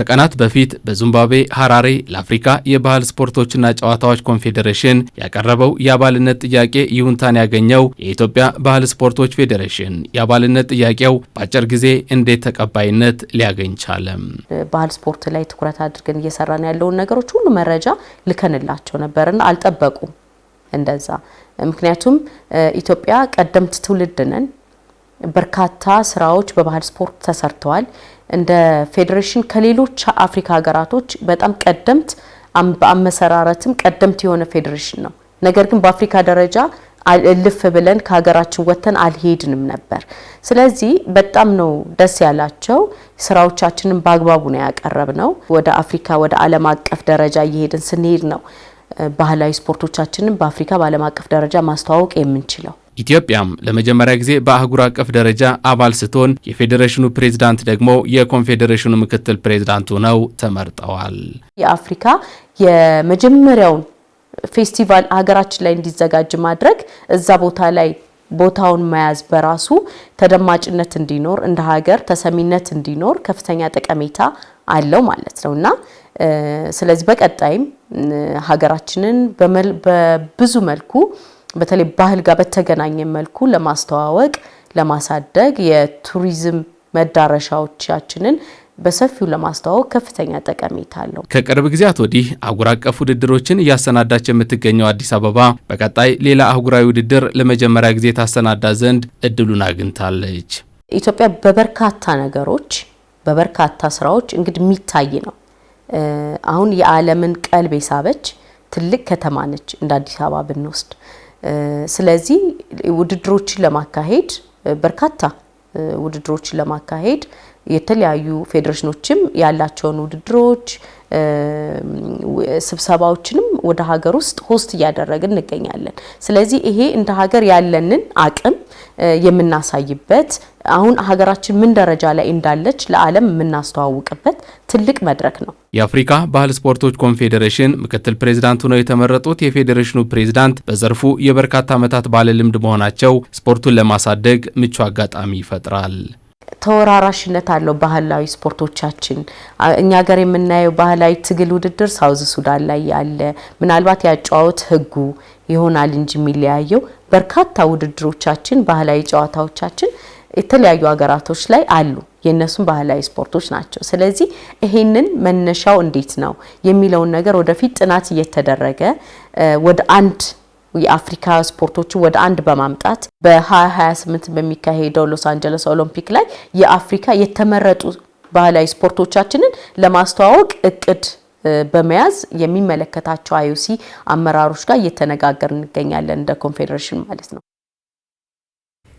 ከቀናት በፊት በዚምባብዌ ሀራሬ ለአፍሪካ የባህል ስፖርቶችና ጨዋታዎች ኮንፌዴሬሽን ያቀረበው የአባልነት ጥያቄ ይሁንታን ያገኘው የኢትዮጵያ ባህል ስፖርቶች ፌዴሬሽን የአባልነት ጥያቄው በአጭር ጊዜ እንዴት ተቀባይነት ሊያገኝ ቻለም? ባህል ስፖርት ላይ ትኩረት አድርገን እየሰራን ያለውን ነገሮች ሁሉ መረጃ ልከንላቸው ነበርና አልጠበቁም እንደዛ። ምክንያቱም ኢትዮጵያ ቀደምት ትውልድ ነን በርካታ ስራዎች በባህል ስፖርት ተሰርተዋል። እንደ ፌዴሬሽን ከሌሎች አፍሪካ ሀገራቶች በጣም ቀደምት በአመሰራረትም ቀደምት የሆነ ፌዴሬሽን ነው። ነገር ግን በአፍሪካ ደረጃ እልፍ ብለን ከሀገራችን ወጥተን አልሄድንም ነበር። ስለዚህ በጣም ነው ደስ ያላቸው። ስራዎቻችንን በአግባቡ ነው ያቀረብ ነው። ወደ አፍሪካ ወደ ዓለም አቀፍ ደረጃ እየሄድን ስንሄድ ነው ባህላዊ ስፖርቶቻችንን በአፍሪካ በዓለም አቀፍ ደረጃ ማስተዋወቅ የምንችለው። ኢትዮጵያም ለመጀመሪያ ጊዜ በአህጉር አቀፍ ደረጃ አባል ስትሆን የፌዴሬሽኑ ፕሬዝዳንት ደግሞ የኮንፌዴሬሽኑ ምክትል ፕሬዝዳንቱ ነው ተመርጠዋል። የአፍሪካ የመጀመሪያውን ፌስቲቫል ሀገራችን ላይ እንዲዘጋጅ ማድረግ እዛ ቦታ ላይ ቦታውን መያዝ በራሱ ተደማጭነት እንዲኖር እንደ ሀገር ተሰሚነት እንዲኖር ከፍተኛ ጠቀሜታ አለው ማለት ነው እና ስለዚህ በቀጣይም ሀገራችንን በብዙ መልኩ በተለይ ባህል ጋር በተገናኘ መልኩ ለማስተዋወቅ ለማሳደግ የቱሪዝም መዳረሻዎቻችንን በሰፊው ለማስተዋወቅ ከፍተኛ ጠቀሜታ አለው። ከቅርብ ጊዜያት ወዲህ አህጉር አቀፍ ውድድሮችን እያሰናዳች የምትገኘው አዲስ አበባ በቀጣይ ሌላ አህጉራዊ ውድድር ለመጀመሪያ ጊዜ ታሰናዳ ዘንድ እድሉን አግኝታለች። ኢትዮጵያ በበርካታ ነገሮች በበርካታ ስራዎች እንግዲህ የሚታይ ነው። አሁን የዓለምን ቀልብ የሳበች ትልቅ ከተማ ነች እንደ አዲስ አበባ ብንወስድ ስለዚህ ውድድሮችን ለማካሄድ በርካታ ውድድሮችን ለማካሄድ የተለያዩ ፌዴሬሽኖችም ያላቸውን ውድድሮች ስብሰባዎችንም ወደ ሀገር ውስጥ ሆስት እያደረግን እንገኛለን። ስለዚህ ይሄ እንደ ሀገር ያለንን አቅም የምናሳይበት አሁን ሀገራችን ምን ደረጃ ላይ እንዳለች ለዓለም የምናስተዋውቅበት ትልቅ መድረክ ነው። የአፍሪካ ባህል ስፖርቶች ኮንፌዴሬሽን ምክትል ፕሬዚዳንት ሆነው የተመረጡት የፌዴሬሽኑ ፕሬዚዳንት በዘርፉ የበርካታ ዓመታት ባለ ልምድ መሆናቸው ስፖርቱን ለማሳደግ ምቹ አጋጣሚ ይፈጥራል። ተወራራሽነት አለው። ባህላዊ ስፖርቶቻችን እኛ ሀገር የምናየው ባህላዊ ትግል ውድድር ሳውዝ ሱዳን ላይ ያለ ምናልባት ያጨዋወት ህጉ ይሆናል እንጂ የሚለያየው በርካታ ውድድሮቻችን ባህላዊ ጨዋታዎቻችን የተለያዩ ሀገራቶች ላይ አሉ። የእነሱም ባህላዊ ስፖርቶች ናቸው። ስለዚህ ይሄንን መነሻው እንዴት ነው የሚለውን ነገር ወደፊት ጥናት እየተደረገ ወደ አንድ የአፍሪካ ስፖርቶችን ወደ አንድ በማምጣት በ2028 በሚካሄደው ሎስ አንጀለስ ኦሎምፒክ ላይ የአፍሪካ የተመረጡ ባህላዊ ስፖርቶቻችንን ለማስተዋወቅ እቅድ በመያዝ የሚመለከታቸው አይ አመራሮች ጋር እየተነጋገር እንገኛለን እንደ ኮንፌዴሬሽን ማለት ነው።